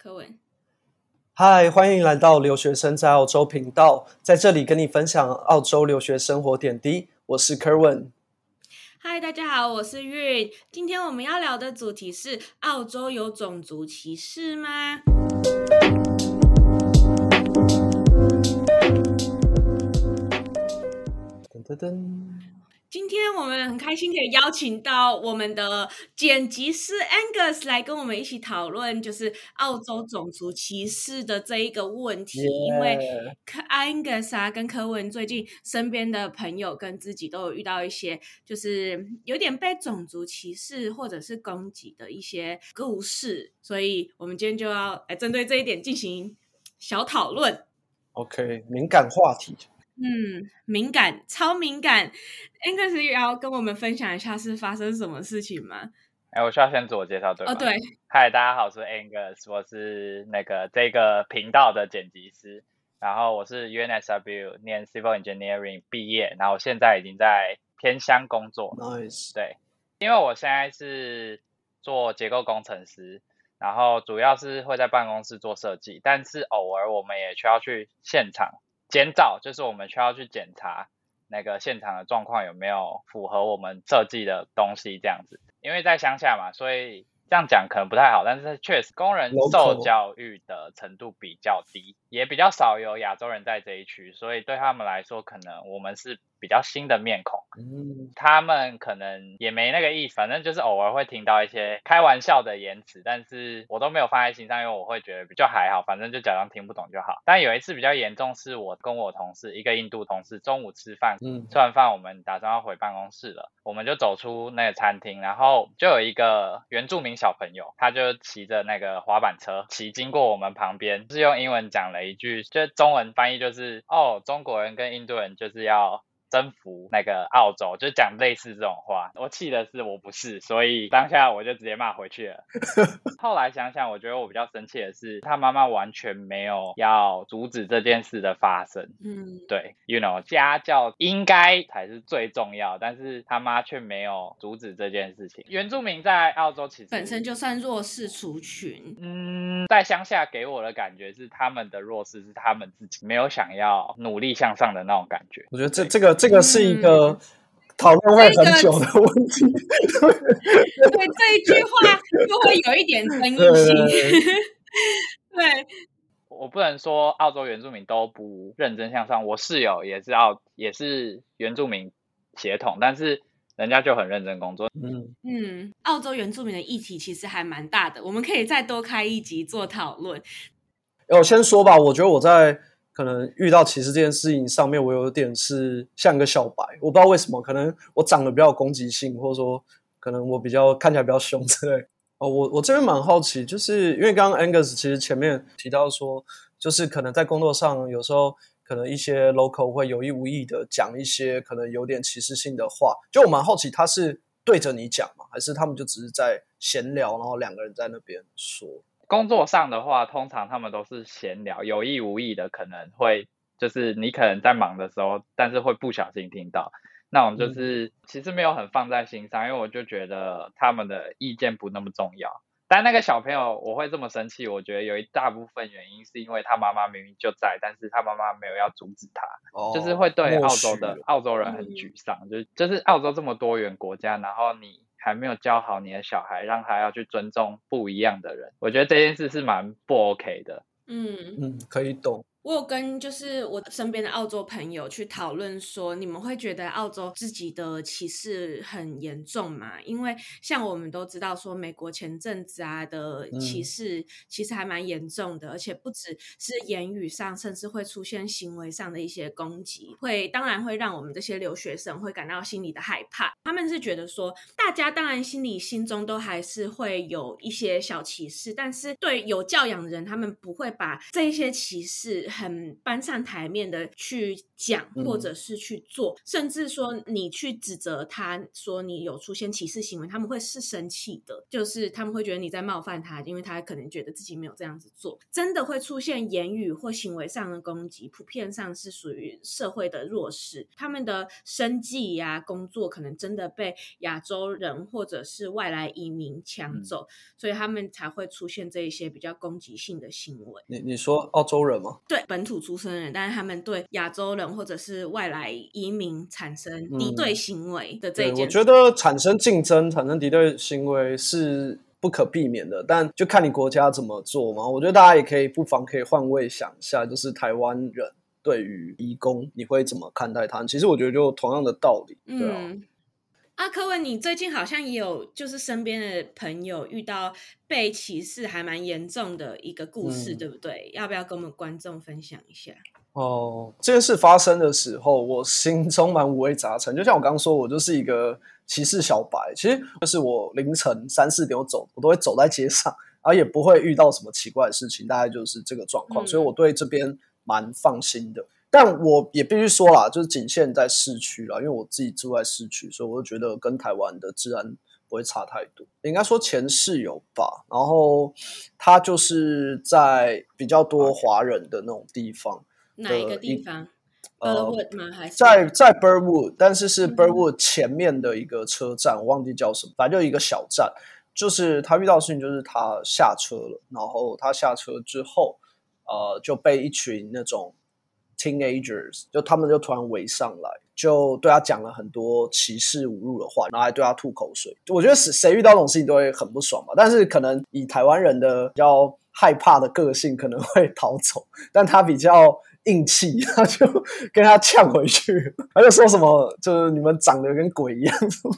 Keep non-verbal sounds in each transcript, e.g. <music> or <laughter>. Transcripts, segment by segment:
Kerwin，嗨，歡迎來到留學生在澳洲頻道，在這裡跟你分享澳洲留學生活點滴。我是 Kerwin，嗨，大家好，我是 Ray。今天我們要聊的主題是：澳洲有種族歧視嗎？登登登。今天我們很開心可以邀請到我們的剪輯師 Angus 來跟我們一起討論，就是澳洲種族歧視的這一個問題。Yeah. 因為 Angus 啊跟 Kerwin 最近身邊的朋友跟自己都有遇到一些，就是有點被種族歧視或者是攻擊的一些故事，所以我們今天就要來針對這一點進行小討論。OK，敏感話題。嗯，敏感，超敏感。Angus 也要跟我們分享一下是發生什麼事情嗎？哎、欸，我需要先自我介紹，對嗎？哦，對。嗨，大家好，我是 Angus，我是那個這個頻道的剪輯師，然後我是 UNSW 念 Civil Engineering 畢業，然後我現在已經在偏鄉工作。Nice。對，因為我現在是做結構工程師，然後主要是會在辦公室做設計，但是偶爾我們也需要去現場。監造，就是我們需要去檢查那個現場的狀況有沒有符合我們設計的東西這樣子，因為在鄉下嘛，所以這樣講可能不太好，但是確實工人受教育的程度比較低。也比較少有亞洲人在這一區，所以對他們來說，可能我們是比較新的面孔。嗯，他們可能也沒那個意思，反正就是偶爾會聽到一些開玩笑的言辭，但是我都沒有放在心上，因為我會覺得比較還好，反正就假裝聽不懂就好。但有一次比較嚴重，是我跟我同事一個印度同事中午吃飯，嗯，吃完飯我們打算要回辦公室了，我們就走出那個餐廳，然後就有一個原住民小朋友，他就騎着那個滑板車騎經過我們旁邊，就是用英文講的。一句，這中文翻譯就是，哦，中國人跟印度人就是要征服那個澳洲，就講類似這種話。我氣的是我不是，所以當下我就直接罵回去了。 <laughs> 後來想想，我覺得我比較生氣的是他媽媽完全沒有要阻止這件事的發生。嗯，對，You know，家教應該才是最重要，但是他媽卻沒有阻止這件事情。原住民在澳洲其實本身就算弱勢族群。嗯，在鄉下給我的感覺是他們的弱勢是他們自己沒有想要努力向上的那種感覺。我覺得這對這個這個。這個是一個討論會很久的問題，嗯、這個、對這一句話就會有一點爭議性。對，對，對，對， <laughs> 對，我不能說澳洲原住民都不認真向上，我室友也是澳，也是原住民血統，但是人家就很認真工作。嗯嗯，澳洲原住民的議題其實還蠻大的，我們可以再多開一集做討論。哎，我先說吧，我覺得我在。可能遇到歧視這件事情上面，我有點是像一個小白，我不知道為什麼。可能我長得比較有攻擊性，或者說可能我比較看起來比較兇之類的。哦，我我這邊蠻好奇，就是因為剛剛 Angus 其實前面提到說，就是可能在工作上有時候可能一些 local 會有意無意的講一些可能有點歧視性的話，就我蠻好奇他是對着你講嗎，還是他們就只是在閒聊，然後兩個人在那邊說。工作上的話，通常他們都是閒聊，有意無意的可能會，就是你可能在忙的時候，但是會不小心聽到，那我們就是、嗯、其實沒有很放在心上，因為我就覺得他們的意見不那麼重要。但那個小朋友我會這麼生氣，我覺得有一大部分原因是因為他媽媽明明就在，但是他媽媽沒有要阻止他，哦、就是會對澳洲的許澳洲人很沮喪，嗯、就就是澳洲這麼多元國家，然後你。還沒有教好你的小孩，讓他要去尊重不一樣的人。我覺得這件事是蠻不 OK 的。嗯嗯，可以懂。我有跟就是我身邊的澳洲朋友去討論說，你們會覺得澳洲自己的歧視很嚴重嗎？因為像我們都知道說，美國前陣子啊的歧視其實還蠻嚴重的，而且不只是言語上，甚至會出現行為上的一些攻擊，會當然會讓我們這些留學生會感到心裡的害怕。他們是覺得說，大家當然心裡心中都還是會有一些小歧視，但是對有教養的人，他們不會把這一些歧視。很搬上檯面的去講，或者是去做，甚至說你去指責他，說你有出現歧視行為，他們會是生氣的，就是他們會覺得你在冒犯他，因為他可能覺得自己沒有這樣子做。真的會出現言語或行為上的攻擊，普遍上是屬於社會的弱勢，他們的生計呀、啊、工作可能真的被亞洲人或者是外來移民搶走，所以他們才會出現這一些比較攻擊性的行為你。你你說澳洲人嗎？對。本土出生人，但是他們對亞洲人或者是外來移民產生敵對行為的這一件、嗯，我覺得產生競爭、產生敵對行為是不可避免的，但就看你國家怎麼做嘛。我覺得大家也可以不妨可以換位想一下，就是台灣人對於移工，你會怎麼看待他？其實我覺得就同樣的道理，嗯、對啊。啊、Kerwin，你最近好像也有就是身邊的朋友遇到被歧視還蠻嚴重的一個故事，嗯、對不對？要不要跟我們觀眾分享一下？哦、嗯，這件事發生的時候，我心中蠻五味雜陳。就像我剛剛說，我就是一個歧視小白，其實就是我凌晨三四點我走，我都會走在街上，而、啊、也不會遇到什麼奇怪的事情，大概就是這個狀況，嗯、所以我對這邊蠻放心的。但我也必須說啦，就是僅限在市區啦，因為我自己住在市區，所以我就覺得跟台灣的治安不會差太多。應該說前室友吧，然後他就是在比較多華人的那種地方的。哪一個地方、呃、Burwood 嗎？在在 Burwood 但是是 Burwood 前面的一個車站，嗯、哼我忘記叫什麼，反正就一個小站。就是他遇到的事情，就是他下車了，然後他下車之後，呃、就被一群那種。Teenagers 就他們就突然圍上來，就對他講了很多歧視侮辱的話，然後還對他吐口水。我覺得誰誰遇到這種事情都會很不爽嘛，但是可能以台灣人的比較害怕的個性，可能會逃走。但他比較。硬氣，他就跟他嗆回去，他就說什麼就是你們長得跟鬼一樣，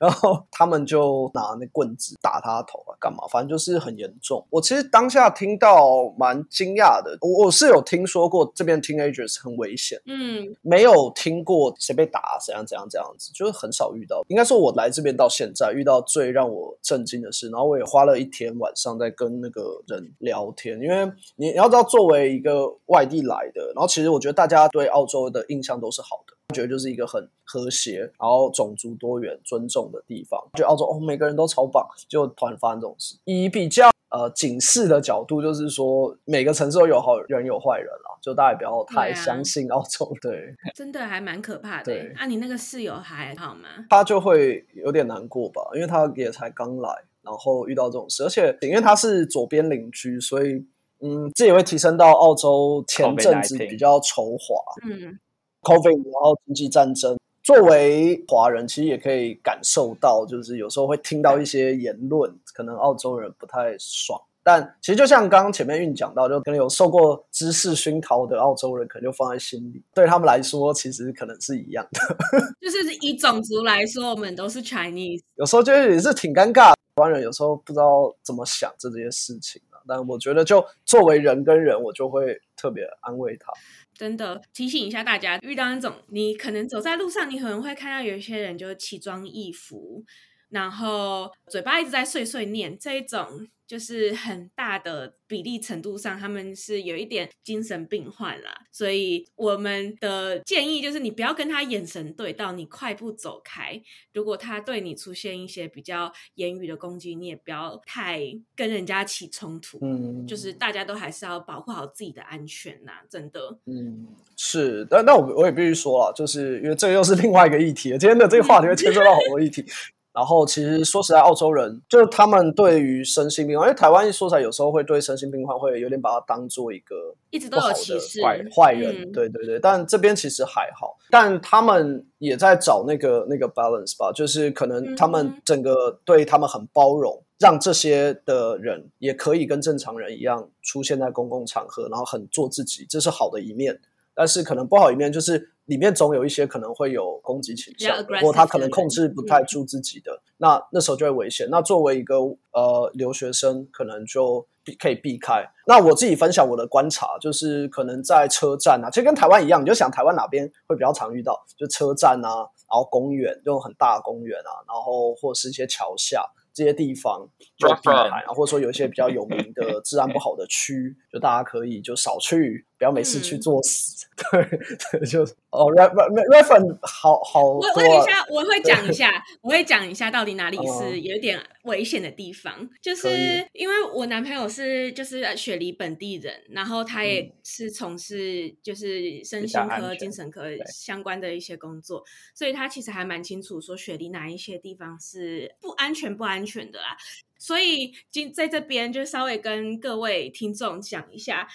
然後他們就拿那棍子打他頭啊，幹嘛？反正就是很嚴重。我其實當下聽到蠻驚訝的，我我是有聽說過這邊 teenagers 很危險，嗯，沒有聽過誰被打，誰這樣怎樣怎樣這樣子，就是很少遇到。應該說，我來這邊到現在遇到最讓我震驚的事，然後我也花了一天晚上在跟那個人聊天，因為你你要知道，作為一個外地來的。然後其實我覺得大家對澳洲的印象都是好的，覺得就是一個很和諧，然後種族多元、尊重的地方。覺得澳洲哦，每個人都超棒。就突然發生這種事，以比較呃警示的角度，就是說每個城市都有好人有壞人啦，就大家也不要太相信澳洲。對，啊、對，對真的還蠻可怕的。對，那、啊、你那個室友還好嗎？他就會有點難過吧，因為他也才剛來，然後遇到這種事，而且因為他是左邊鄰居，所以。嗯，這也會提升到澳洲前陣子比較仇華，嗯，Covid 和經濟戰爭，作為華人，其實也可以感受到，就是有時候會聽到一些言論，對可能澳洲人不太爽。但其實就像剛剛前面韻講到，就可能有受過知識熏陶的澳洲人，可能就放在心裡。對他們來說，其實可能是一樣的。 <laughs> 就是以種族來說，我們都是 Chinese。有時候就是也是挺尷尬，台灣人有時候不知道怎麼想這這些事情。但我覺得，就作為人跟人，我就會特別安慰他。真的，提醒一下大家，遇到那種你可能走在路上，你可能會看到有一些人就是奇裝異服，然後嘴巴一直在碎碎念這一種。就是很大的比例程度上，他們是有一點精神病患啦，所以我們的建議就是，你不要跟他眼神對到，你快步走開。如果他對你出現一些比較言語的攻擊，你也不要太跟人家起衝突。嗯，就是大家都還是要保護好自己的安全吶，真的。嗯，是，但那我我也必須說了，就是因為這又是另外一個議題，真的今天的這個話題會牽涉到好多議題。 <laughs> 然後，其實說實在，澳洲人就是他們對於身心病患，因為台灣一說起來，有時候會對身心病患會有點把它當做一個一直都有歧視壞壞人，嗯、對對對。但這邊其實還好，但他們也在找那個那個 balance 吧，就是可能他們整個對他們很包容，嗯、讓這些的人也可以跟正常人一樣出現在公共場合，然後很做自己，這是好的一面。但是可能不好一面就是。裡面總有一些可能會有攻擊傾向，或 Yeah, aggressive, 他可能控制不太住自己的，嗯、那那時候就會危險。那作為一個呃留學生，可能就避可以避開。那我自己分享我的觀察，就是可能在車站啊，其實跟台灣一樣，你就想台灣哪邊會比較常遇到，就車站啊，然後公園這種很大的公園啊，然後或是一些橋下這些地方就，站牌啊，或者說有一些比較有名的 <laughs> 治安不好的區，就大家可以就少去。要每次去做死，嗯，對，就哦、oh,，ref，ref，ref，Re Re Re 好，好、啊，我我等一下，我會講一下，對我會講一下到底哪裡是有點危險的地方，嗯、就是因為我男朋友是就是雪梨本地人，以然後他也是從事就是身心科、精神科相關的一些工作，對所以他其實還蠻清楚說雪梨哪一些地方是不安全、不安全的啊，所以今在這邊就稍微跟各位聽眾講一下。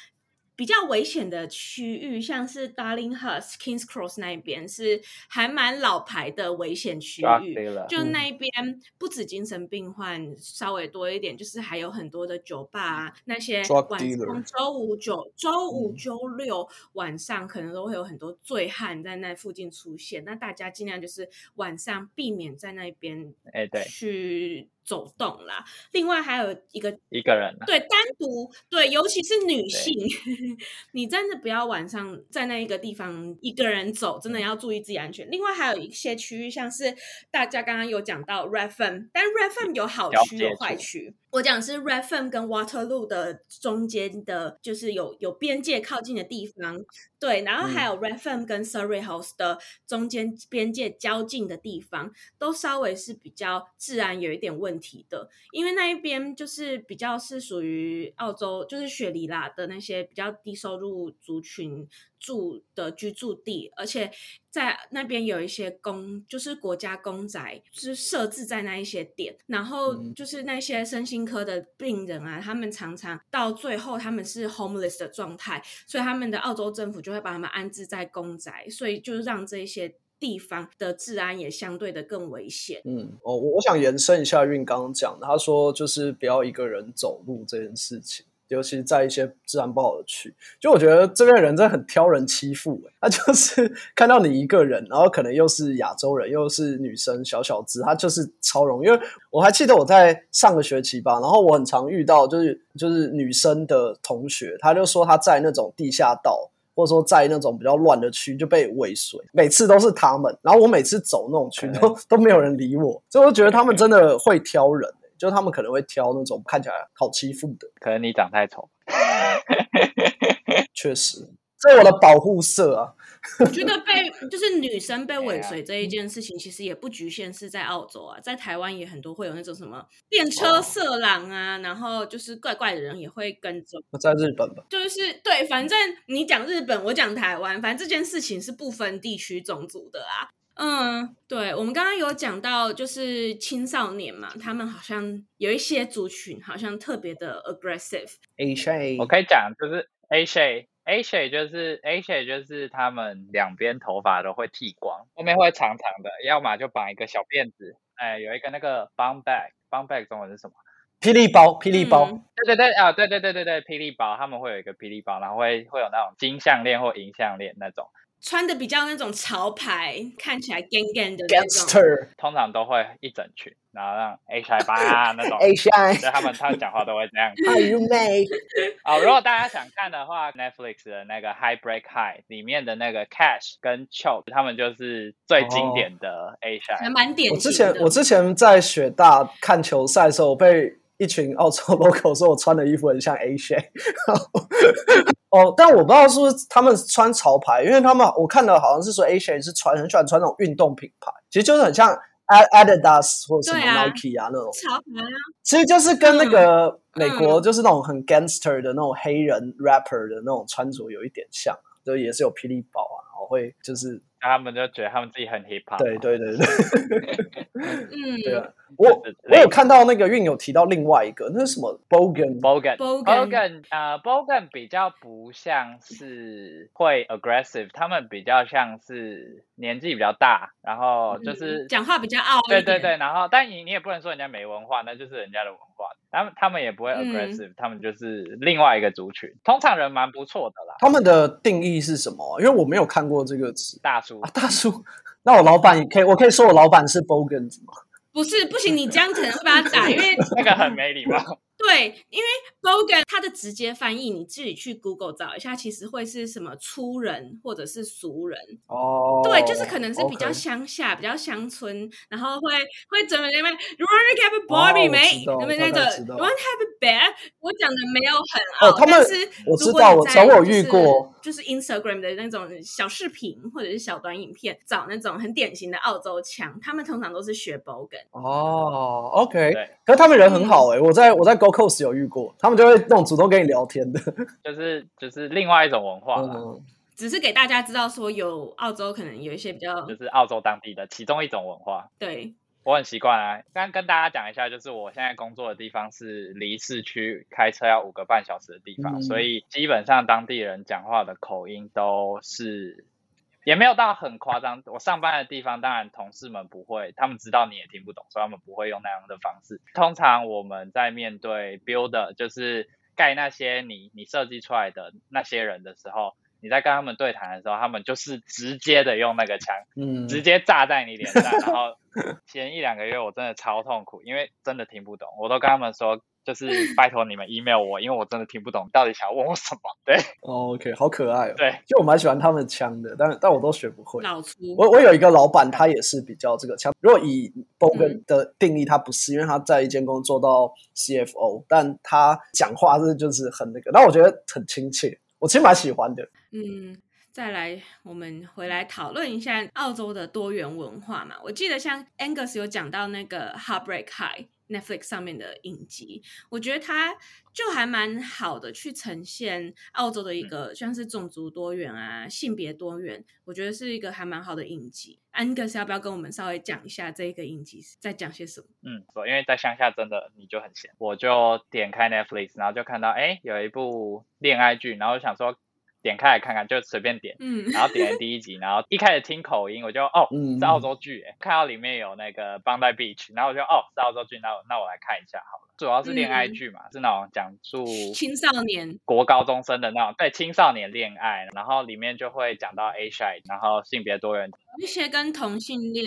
比較危險的區域，像是 Darlinghurst、Kings Cross 那一邊是還蠻老牌的危險區域，了就那邊、嗯、不止精神病患稍微多一點，就是還有很多的酒吧啊，那些晚上周了五、周周五、周、嗯、六晚上可能都會有很多醉漢在那附近出現，那大家儘量就是晚上避免在那邊，去。欸，對。走動啦，另外還有一個一個人、啊、對單獨對，尤其是女性對呵呵，你真的不要晚上在那一個地方一個人走，真的要注意自己安全。嗯、另外還有一些區域，像是大家剛剛有講到 Redfern，但 Redfern 有好區有壞區。我講是 Redfern 跟 Waterloo 的中間的，就是有有邊界靠近的地方，對，然後還有 Redfern 跟 Surry Hills 的中間邊界交界的地方，都稍微是比較治安有一點問題的，因為那一邊就是比較是屬於澳洲，就是雪梨啦的那些比較低收入族群住的居住地，而且。在那邊有一些公，就是國家公宅，就是設置在那一些點，然後就是那些身心科的病人啊，嗯、他們常常到最後他們是 homeless 的狀態，所以他們的澳洲政府就會把他們安置在公宅，所以就讓這些地方的治安也相對的更危險。嗯，哦，我我想延伸一下運剛剛講的，他說就是不要一個人走路這件事情。尤其在一些治安不好的區，就我覺得這邊人真的很挑人欺負，誒，他就是看到你一個人，然後可能又是亞洲人，又是女生，小小隻，他就是超容易。因為我還記得我在上個學期吧，然後我很常遇到，就是就是女生的同學，他就說他在那種地下道，或者說在那種比較亂的區就被尾隨，每次都是他們。然後我每次走那種區都都沒有人理我，所以我就覺得他們真的會挑人，欸，就他們可能會挑那種看起來好欺負的，可能你長太醜，確 <laughs> 實，這我的保護色啊。我覺得被就是女生被尾隨這一件事情，其實也不局限是在澳洲啊，在台灣也很多會有那種什麼電車色狼啊，哦、然後就是怪怪的人也會跟蹤。我在日本吧，就是對，反正你講日本，我講台灣，反正這件事情是不分地區種族的啊。嗯，對，我們剛剛有講到，就是青少年嘛，他們好像有一些族群，好像特別的 aggressive。Eshay，我可以講，就是 Eshay，Eshay 就是 Eshay，就是他們兩邊頭髮都會剃光，後面會長長的，要麼就綁一個小辮子。哎，有一個那個 bomb bag，bomb bag 中文是什麼？霹靂包，霹靂包。嗯、對對對啊，對對對對對，霹靂包，他們會有一個霹靂包，然後會會有那種金項鏈或銀項鏈那種。穿的比較那種潮牌，看起來 gang gang 的那種，aster 通常都會一整群，然後讓 A 型吧、啊、那種， <laughs> 他們他們講話都會那樣。Are you made？好，如果大家想看的話 <laughs> ，Netflix 的那個 High Break High 裡面的那個 Cash 跟 Cho，他們就是最經典的 A s i 蠻、oh, 我之前我之前在雪大看球賽的時候，我被一群澳洲 local 說我穿的衣服很像 A s i 型。 <laughs> 哦，但我不知道是不是他們穿潮牌，因為他們我看到好像是說，Asian 是穿很喜歡穿那種運動品牌，其實就是很像 Adidas 或者什麼 Nike 啊那種潮牌啊，其實就是跟那個美國就是那種很 Gangster 的那種黑人 rapper 的那種穿着有一點像啊，就也是有霹靂寶啊，我會就是他們就覺得他們自己很 Hip Hop 啊，對對對對， <laughs> <laughs> 嗯，對啊。對對對對，我我有看到那個韻有提到另外一個，那是什麼？Bogan。Bogan。Bogan。呃，Bogan 比較不像是會 aggressive，他們比較像是年紀比較大，然後就是、嗯、講話比較傲。對對對。然後，但你你也不能說人家沒文化，那就是人家的文化。他們他們也不會 aggressive，、嗯、他們就是另外一個族群。通常人蠻不錯的啦。他們的定義是什麼、啊？因為我沒有看過這個詞。大叔啊，大叔。那我老闆也可以，我可以說我老闆是 Bogan 族嗎？不是，不行！你這樣可能會把他打，因為那個很沒禮貌。對，因為 Bogan 他的直接翻譯，你自己去 Google 找一下，其實會是什麼粗人或者是俗人哦。Oh, 對，就是可能是比較鄉下，Okay. 比較鄉村，然後會會怎麼怎麼。You wanna have a barbie 那個 you wanna have a bed。我講的沒有很哦，oh, 他們是在我知道，我早我遇過，就是、就是、Instagram 的那種小視頻或者是小短影片，找那種很典型的澳洲腔，他們通常都是學 Bogan，oh, okay. 對。哦，OK，可是他們人很好哎，欸，我在我在 Goo o s 有遇過，他們就會這種主動跟你聊天的，就是就是另外一種文化了。嗯、只是給大家知道說，有澳洲可能有一些比較，就是澳洲當地的其中一種文化。對，我很習慣啊。剛，剛跟大家講一下，就是我現在工作的地方是離市區開車要五個半小時的地方，嗯、所以基本上當地人講話的口音都是。也沒有到很誇張。我上班的地方，當然同事們不會，他們知道你也聽不懂，所以他們不會用那樣的方式。通常我們在面對 builder，就是蓋那些你你設計出來的那些人的時候，你在跟他們對談的時候，他們就是直接的用那個槍，嗯，直接炸在你臉上，嗯，然後前一兩個月我真的超痛苦，因為真的聽不懂，我都跟他們說。就是拜託你們 email 我，因為我真的聽不懂到底想要問我什麼。對，OK，好可愛、喔。對，就我蠻喜歡他們槍的，但但我都學不會。老粗我我有一個老闆，嗯、他也是比較這個槍。如果以 Bowen 的定義，他不是，因為他在一間公司做到 CFO，、嗯、但他講話是就是很那個，那我覺得很親切，我其實蠻喜歡的。嗯，再來，我們回來討論一下澳洲的多元文化嘛。我記得像 Angus 有講到那個 Heartbreak High。Netflix 上面的影集，我覺得它就還蠻好的，去呈現澳洲的一個、嗯、像是種族多元啊、性別多元，我覺得是一個還蠻好的影集。安格斯要不要跟我們稍微講一下這個影集在講些什麼？嗯，是，因為在鄉下真的你就很閒，我就點開 Netflix，然後就看到哎、欸、有一部戀愛劇，然後想說。點開來看看，就隨便點，嗯，然後點了第一集， <laughs> 然後一開始聽口音，我就哦，嗯、是澳洲劇，看到裡面有那個 Bondi Beach，然後我就哦，是澳洲劇，那我那我來看一下好了。主要是戀愛劇嘛，嗯、是那種講述青少年、國高中生的那種，對青少年戀愛，然後裡面就會講到 Eshay，然後性別多元，一些跟同性戀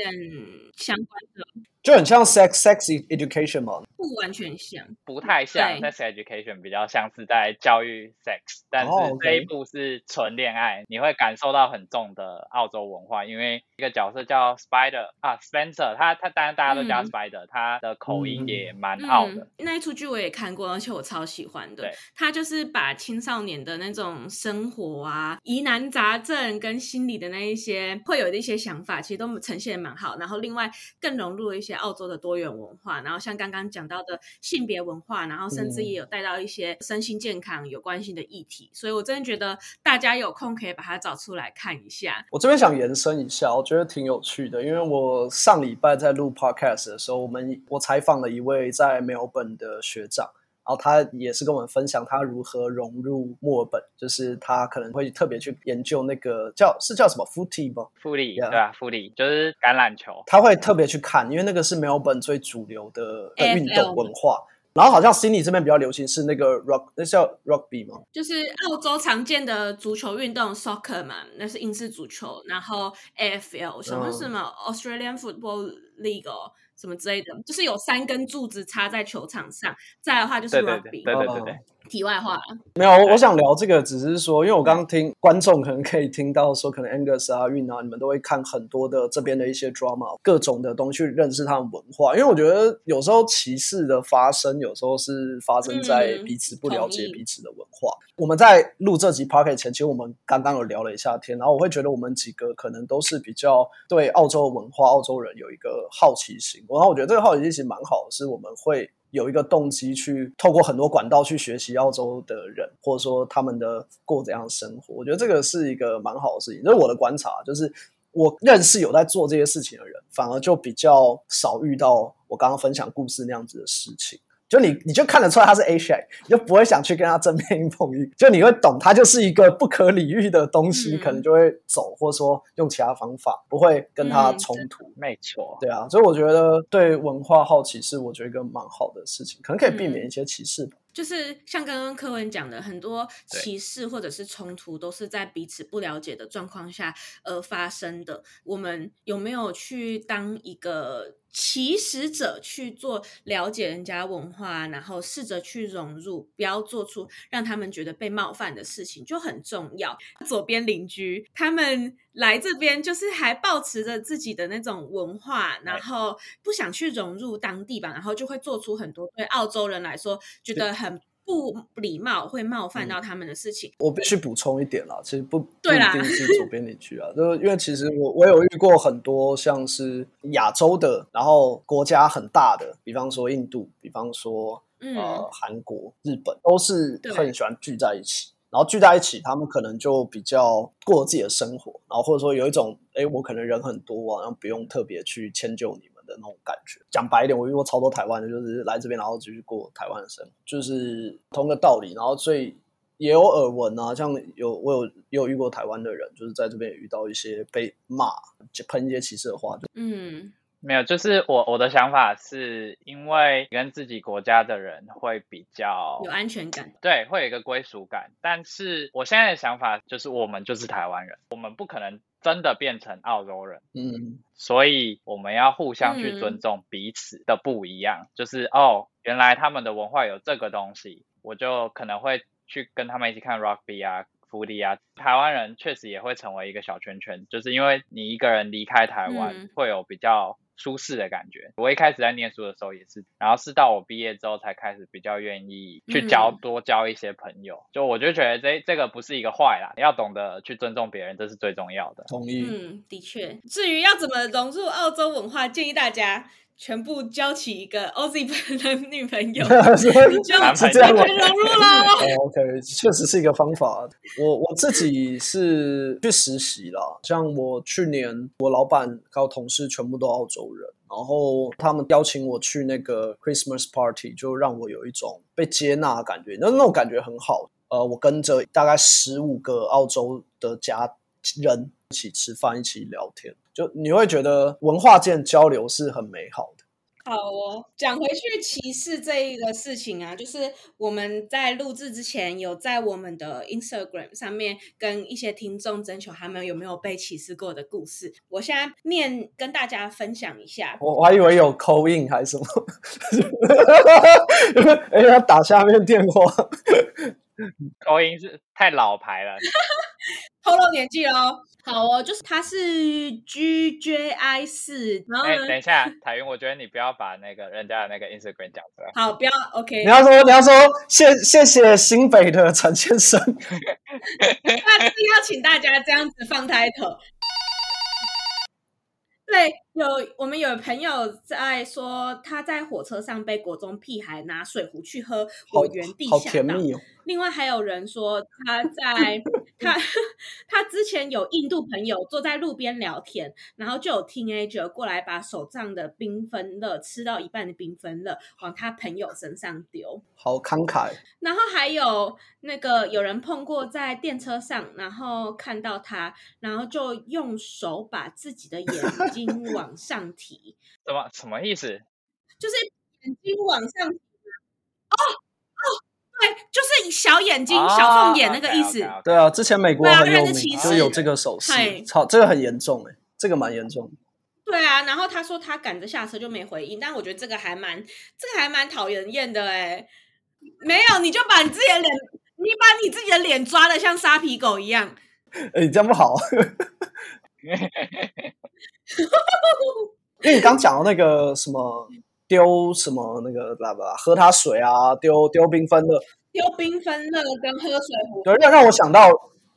相關的。嗯就很像 sex sex education 嗎？不完全像，不太像 sex education，對 但 比較像是在教育 sex，但是這一部是純戀愛，你會感受到很重的澳洲文化，因為一個角色叫 Spider 啊 Spencer，他他當然大家都叫 Spider，嗯、他的口音也蠻澳的。嗯嗯。那一齣劇我也看過，而且我超喜歡。對，他就是把青少年的那種生活啊、疑難雜症跟心理的那一些會有的一些想法，其實都呈現蠻好。然後另外更融入了一些。澳洲的多元文化，然後像剛剛講到的性別文化，然後甚至也有帶到一些身心健康有關係的議題，嗯、所以我真的覺得大家有空可以把它找出來看一下。我這邊想延伸一下，我覺得挺有趣的，因為我上禮拜在錄 Podcast 的時候，我們我採訪了一位在墨爾本的學長。然後、哦、他也是跟我們分享他如何融入墨爾本，就是他可能會特別去研究那個叫是叫什麼 footy 嗎？footy，對啊，footy 就是橄欖球，他會特別去看，因為那個是墨爾本最主流的、的運動文化。FL 然後好像雪梨這邊比較流行是那個 rock 那是叫 rugby 嗎？就是澳洲常見的足球運動 soccer 嘛，那是英式足球，然後 AFL、嗯、什麼什麼 Australian Football League、哦。什麼之類的，就是有三根柱子插在球場上，再來的話就是 rugby。對對對。題外話，沒有我，我想聊這個，只是說，因為我剛剛聽、嗯、觀眾可能可以聽到說，可能 Angus 啊、韻啊，你們都會看很多的這邊的一些 drama，各種的東西，認識他們文化。因為我覺得有時候歧視的發生，有時候是發生在彼此不了解彼此的文化。嗯、我們在錄這集 podcast 前，其實我們剛剛有聊了一下天，然後我會覺得我們幾個可能都是比較對澳洲文化、澳洲人有一個好奇心，然後我覺得這個好奇心其實蠻好的，是我們會。有一個動機去透過很多管道，去學習澳洲的人，或者說他們的過怎樣的生活，我覺得這個是一個蠻好的事情。這是我的觀察，就是我認識有在做這些事情的人，反而就比較少遇到我剛剛分享故事那樣子的事情。就你，你就看得出來他是 Eshay 你就不會想去跟他正面碰硬。就你會懂，他就是一個不可理喻的東西，嗯、可能就會走，或者說用其他方法，不會跟他衝突。沒錯、嗯，對,對啊。所以、啊、我覺得對文化好奇是我覺得一個蠻好的事情，可能可以避免一些歧視、嗯。就是像剛剛 Kerwin 講的，很多歧視或者是衝突都是在彼此不了解的狀況下而發生的。我們有沒有去當一個？起始者，去做了解人家文化，然後試着去融入，不要做出讓他們覺得被冒犯的事情，就很重要。左邊鄰居他們來這邊，就是還保持着自己的那種文化，然後不想去融入當地吧，然後就會做出很多對澳洲人來說覺得很。不禮貌會冒犯到他們的事情。嗯，我必須補充一點啦。其實不對啦不一定，是左邊鄰居啊。就因為其實我我有遇過很多像是亞洲的，然後國家很大的，比方說印度，比方說嗯、呃、韓國、日本，都是很喜歡聚在一起。對然後聚在一起，他們可能就比較過自己的生活，然後或者說有一種，哎，我可能人很多啊，然後不用特別去遷就你們。的那種感覺，講白一點，我遇過超多台灣的，就是來這邊然後繼續過台灣的生活，就是同個道理。然後所以也有耳聞啊，像有我有也有遇過台灣的人，就是在這邊也遇到一些被罵、就噴一些歧視的話。就嗯，沒有，就是我我的想法是因為跟自己國家的人會比較有安全感，對，會有一個歸屬感。但是我現在的想法就是，我們就是台灣人，我們不可能，真的變成澳洲人，嗯，所以我們要互相去尊重彼此的不一樣，嗯、就是哦，原來他們的文化有這個東西，我就可能會去跟他們一起看 rugby 啊、footy 啊。台灣人確實也會成為一個小圈圈，就是因為你一個人離開台灣，嗯、會有比較。舒適的感覺。我一開始在唸書的時候也是，然後是到我畢業之後才開始比較願意去交、嗯、多交一些朋友。就我就覺得這這個不是一個壞啦，你要懂得去尊重別人，這是最重要的。同意。嗯，的確。至於要怎麼融入澳洲文化，建議大家。全部交起一個 Aussie 的女朋友， <laughs> 就完全融入了。 <laughs> <laughs> OK，確實是一個方法。我我自己是去實習了，像我去年我老闆還有同事全部都澳洲人，然後他們邀請我去那個 Christmas party，就讓我有一種被接納的感覺，那那種感覺很好。呃，我跟着大概十五個澳洲的家人，一起吃飯，一起聊天，就你會覺得文化間交流是很美好的。好哦，講回去歧視這一個事情啊，就是我們在錄製之前有在我們的 Instagram 上面跟一些聽眾徵求他們有沒有被歧視過的故事。我現在念跟大家分享一下，我，我還以為有 call in 還是什麼，哎、 <laughs> 欸，要打下面電話，Call in 是太老牌了。 <laughs> 透露年紀哦，好哦，就是他是 GJI 四，然後、欸、等一下，彩雲，我覺得你不要把那個人家的那個 Instagram 講出來，好，不要，OK。你要說，你要說，謝謝謝新北的陳先生，那要請大家這樣子放 title，對。有我們有朋友在說，他在火車上被國中屁孩拿水壺去喝，我原地嚇到。好好甜蜜哦。另外還有人說他在 <laughs> 他他之前有印度朋友坐在路邊聊天，然後就有 teenager 過來把手上的繽紛樂吃到一半的繽紛樂往他朋友身上丟，好慷慨。然後還有那個有人碰過在電車上，然後看到他，然後就用手把自己的眼睛往。 <laughs> 往上提，什麼什麼意思？就是眼睛往上哦哦，對，就是小眼睛、啊、小鳳眼那個意思。Okay, okay, okay. 對啊，之前美國很有名、啊、就有這個手勢，操、啊，這個很嚴重哎、欸，這個蠻嚴重。對啊，然後他說他趕着下車就沒回應，但我覺得這個還蠻這個還蠻討人厭的哎、欸。沒有，你就把你自己的臉，你把你自己的臉抓得像沙皮狗一樣。哎、欸，你這樣不好。 <laughs> <laughs> 因為你剛講到那個什麼丟什麼那個啦啦啦，喝他水啊，丟丟繽紛樂，丟繽紛樂跟喝水壺，人要讓我想到。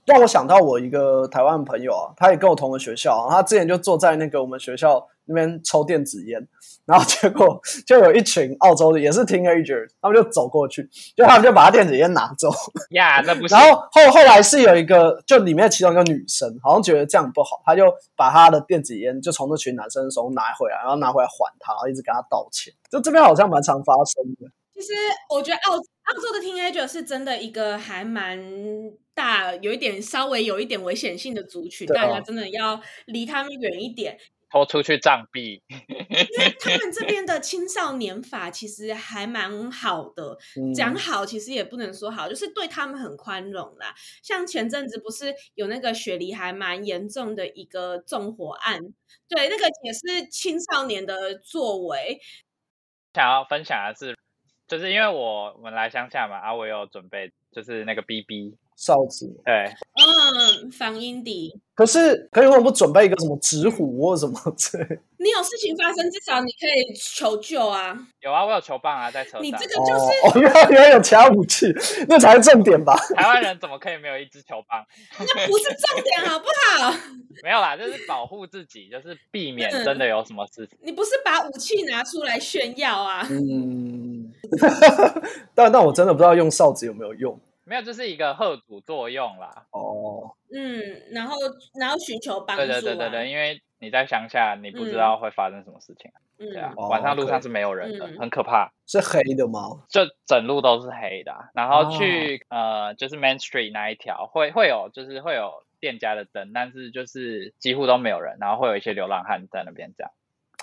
讓我想到我一個台灣朋友啊，他也跟我同個學校啊，他之前就坐在那個我們學校那邊抽電子煙，然後結果就有一群澳洲的也是 teenager，他們就走過去，就他們就把他電子煙拿走，呀，那不行。然後後後來是有一個，就裡面其中一個女生，好像覺得這樣不好，他就把他的電子煙就從那群男生手中拿回來，然後拿回來還他，然後一直跟他道歉，就這邊好像蠻常發生的。其實我覺得澳洲澳洲的 teenager 是真的一個還蠻大，有一點稍微有一點危險性的族群，哦、大家真的要離他們遠一點，拖出去杖斃。 <laughs> 因為他們這邊的青少年法其實還蠻好的，嗯、講好其實也不能說好，就是對他們很寬容啦。像前陣子不是有那個雪梨還蠻嚴重的一個縱火案，對，那個也是青少年的作為。想要分享的是。就是因為我我們來鄉下嘛，阿、啊、偉有準備，就是那個 BB 哨子，對。嗯，防音笛。可是，可以為什麼不準備一個什麼紙虎或什麼？對，你有事情發生，至少你可以求救啊。有啊，我有球棒啊，在車上。你這個就是哦，有、哦、原來有其他武器，那才是重點吧？台灣人怎麼可以沒有一支球棒？ <laughs> 那不是重點，好不好？ <laughs> 沒有啦，就是保護自己，就是避免真的有什麼事情。嗯、你不是把武器拿出來炫耀啊？嗯， <laughs> 但但我真的不知道用哨子有沒有用。沒有，就是一個互助作用啦。哦，oh. 嗯，然後然後尋求幫助、啊，對對對對，因為你在鄉下，你不知道會發生什麼事情、啊，mm. 對啊，oh, 晚上路上 okay. 是沒有人的，很可怕。Mm. 是黑的嗎？就整路都是黑的、啊，然後去、oh. 呃，就是 Main Street 那一條，會會有就是會有店家的燈，但是就是幾乎都沒有人，然後會有一些流浪漢在那邊這樣。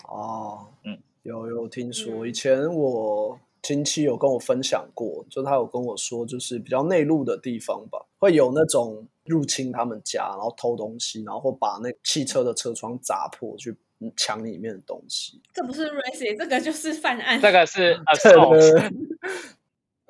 哦，oh. 嗯，有有聽說，以前我。Mm. 親戚有跟我分享過，就他有跟我說，就是比較內陸的地方吧，會有那種入侵他們家，然後偷東西，然後會把那汽車的車窗砸破去搶裡面的東西。這不是 r a c i 這個就是犯案，這個是呢 <laughs>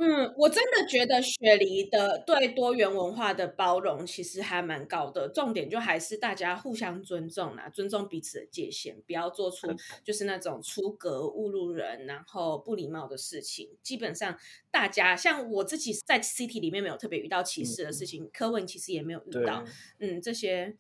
嗯，我真的覺得雪梨的對多元文化的包容其實還蠻高的。重點就還是大家互相尊重啦，尊重彼此的界限，不要做出就是那種出格、侮辱人，嗯、然後不禮貌的事情。基本上，大家像我自己在 city 裡面沒有特別遇到歧視的事情，柯、嗯、文其實也沒有遇到。對嗯，這些。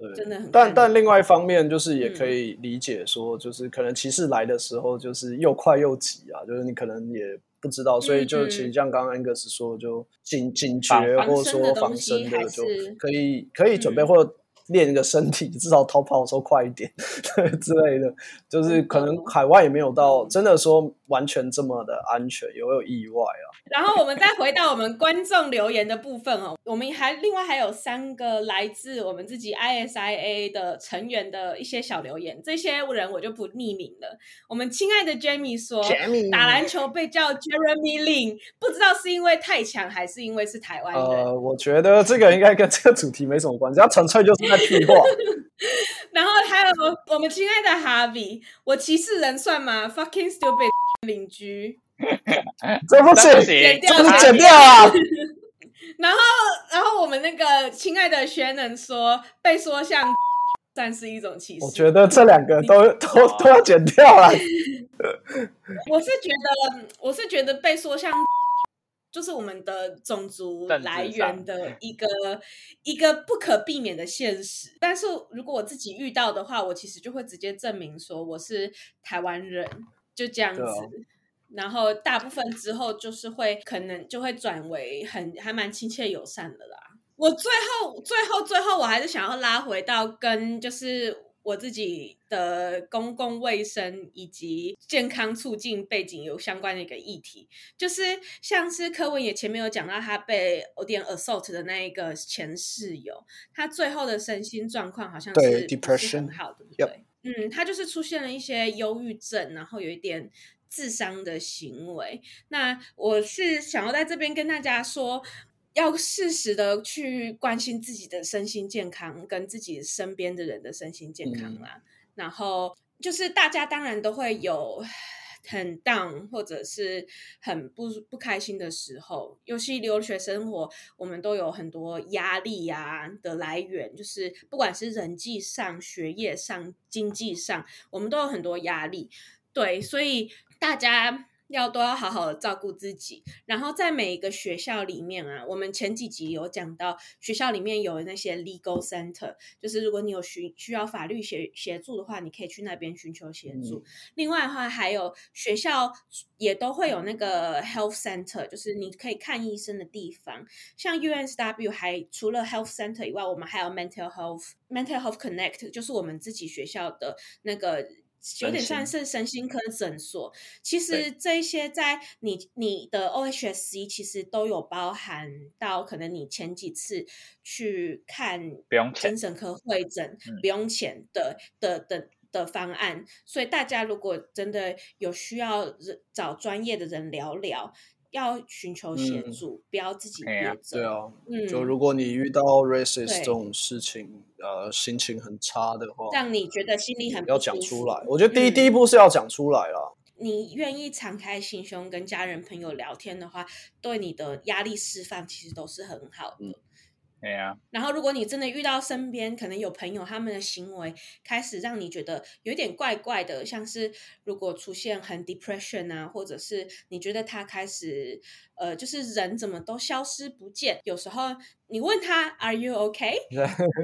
對，但但另外一方面就是也可以理解說，就是可能歧視來的時候就是又快又急啊，就是你可能也不知道，嗯嗯，所以就其實像剛剛安格斯說的，就警警覺打或者說防身的就可以可以準備、嗯、或。練一個身體，至少逃跑的時候快一點，對，之類的，就是可能海外也沒有到、嗯、真的說完全這麼的安全，有沒有意外啊。然後我們再回到我們觀眾留言的部分哦， <laughs> 我們還另外還有三個來自我們自己 ISIA 的成員的一些小留言，這些人我就不匿名了。我們親愛的 Jamie 說， <laughs> 打籃球被叫 Jeremy Lin，不知道是因為太強還是因為是台灣人。呃，我覺得這個應該跟這個主題沒什麼關係，要純粹就是 <laughs> 然後還有我們親愛的哈比，我歧視人算嗎？Fucking stupid 鄰居， <laughs> 這不解是你，這是剪掉啊。 <laughs> 然後，然後我們那個親愛的學人說，被說像，算是一種歧視。我覺得這兩個都你都都，都要剪掉了。 <laughs> 我是覺得，我是覺得被說像。就是我們的種族來源的一個一個不可避免的現實，但是如果我自己遇到的話，我其實就會直接證明說我是台灣人，就這樣子。哦、然後大部分之後就是會可能就會轉為很還蠻親切友善的啦。我最後最後最後，我還是想要拉回到跟就是。我自己的公共衛生以及健康促進背景有相關的一個議題，就是像是 Kerwin 也前面有講到他被有點 assault 的那一個前室友，他最後的身心狀況好像是 depression 對很好的，對，對不對嗯，他就是出現了一些憂鬱症，然後有一點自傷的行為。那我是想要在這邊跟大家說。要適時的去關心自己的身心健康，跟自己身邊的人的身心健康啦。嗯。然後就是大家當然都會有很 down 或者是很不不開心的時候，尤其留學生活，我們都有很多壓力呀、啊、的來源，就是不管是人際上、學業上、經濟上，我們都有很多壓力。對，所以大家，要都要好好的照顧自己，然後在每一個學校裡面啊，我們前幾集有講到學校裡面有那些 legal center，就是如果你有需需要法律協協助的話，你可以去那邊尋求協助。嗯、另外的話，還有學校也都會有那個 health center，就是你可以看醫生的地方。像 UNSW 還除了 health center 以外，我們還有 mental health mental health connect，就是我們自己學校的那個。有點像是神經科診所，其實這一些在你你的 OHS C 其實都有包含到，可能你前幾次去看精神、神科會診不用、不用錢的、嗯、的的的、的方案，所以大家如果真的有需要找專業的人聊聊，要尋求協助，嗯、不要自己憋著啊，對啊。嗯、就如果你遇到 racist 這種事情，對呃，心情很差的話，讓你覺得心裡很不舒服，不要講出來。嗯、我覺得第一第一步是要講出來啦。你願意敞開心胸跟家人朋友聊天的話，對你的壓力釋放其實都是很好的。嗯對啊，然後如果你真的遇到身邊可能有朋友，他們的行為開始讓你覺得有點怪怪的，像是如果出現很 depression 啊，或者是你覺得他開始呃，就是人怎麼都消失不見，有時候你問他 Are you okay？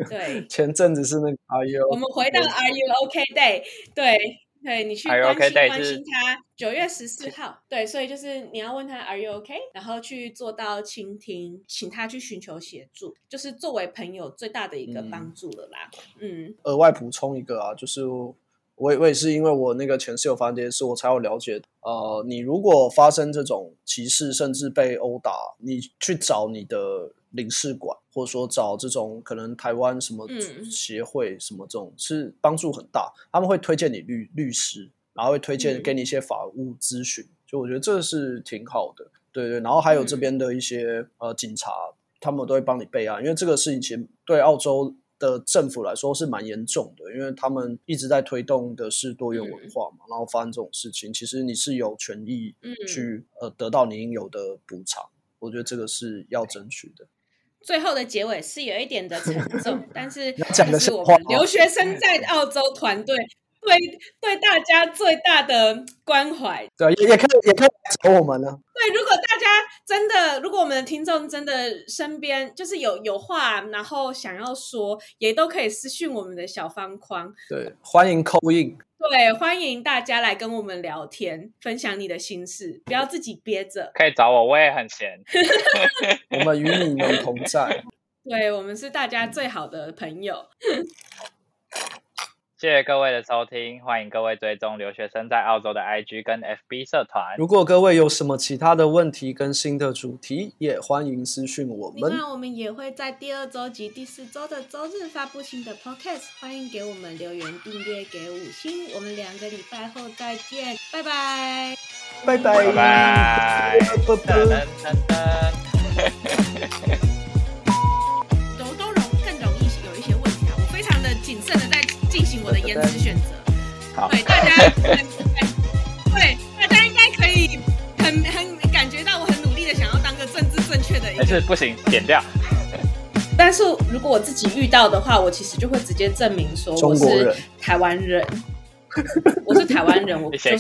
對，前陣子是那個對 Are you okay？我們回到 Are you okay day？對。對你去關心 okay, 關心他，九月十四號，對，所以就是你要問他 Are you okay？然後去做到傾聽，請他去尋求協助，就是作為朋友最大的一個幫助了啦。嗯，嗯額外補充一個啊，就是我也我也是因為我那個前室友發生這些事，所以我才有了解。呃，你如果發生這種歧視，甚至被毆打，你去找你的領事館。或者說找這種可能台灣什麼協會什麼這種、嗯、是幫助很大，他們會推薦你律律師，然後會推薦給你一些法務諮詢，嗯、就我覺得這個是挺好的，對對。然後還有這邊的一些、嗯、呃警察，他們都會幫你備案，因為這個事情其實對澳洲的政府來說是蠻嚴重的，因為他們一直在推動的是多元文化嘛，嗯、然後發生這種事情，其實你是有權利去、嗯、呃得到你應有的補償，我覺得這個是要爭取的。嗯最後的結尾是有一點的沉重， <laughs> 但是講的是我們留學生在澳洲團隊對對，對大家最大的關懷。對，也也可以，也可以找我們呢、啊。對，如果。真的，如果我們的聽眾真的身邊就是有有話，然後想要說，也都可以私訊我們的小方框。對，歡迎叩應。對，歡迎大家來跟我們聊天，分享你的心事，不要自己憋着。可以找我，我也很閒。 <laughs> 我們與你們同在。 <laughs> 對，我們是大家最好的朋友。 <laughs> 謝謝各位的收聽，歡迎各位追蹤留學生在澳洲的 IG 跟 FB 社團。如果各位有什麼其他的問題跟新的主題，也歡迎私訊我們。那我們也會在第二周及第四周的周日發布新的 Podcast，歡迎給我們留言、訂閱、給五星。我們兩個禮拜後再見，拜拜，拜拜，拜拜。我的言辭選擇，噔噔噔。對，大家對大家應該 <laughs> 可以很很感覺到我很努力的想要當個政治正確的一個，還、欸就是不行，點掉。但是如果我自己遇到的話，我其實就會直接證明說我是台灣人，人我是台灣人， <laughs> 我就是。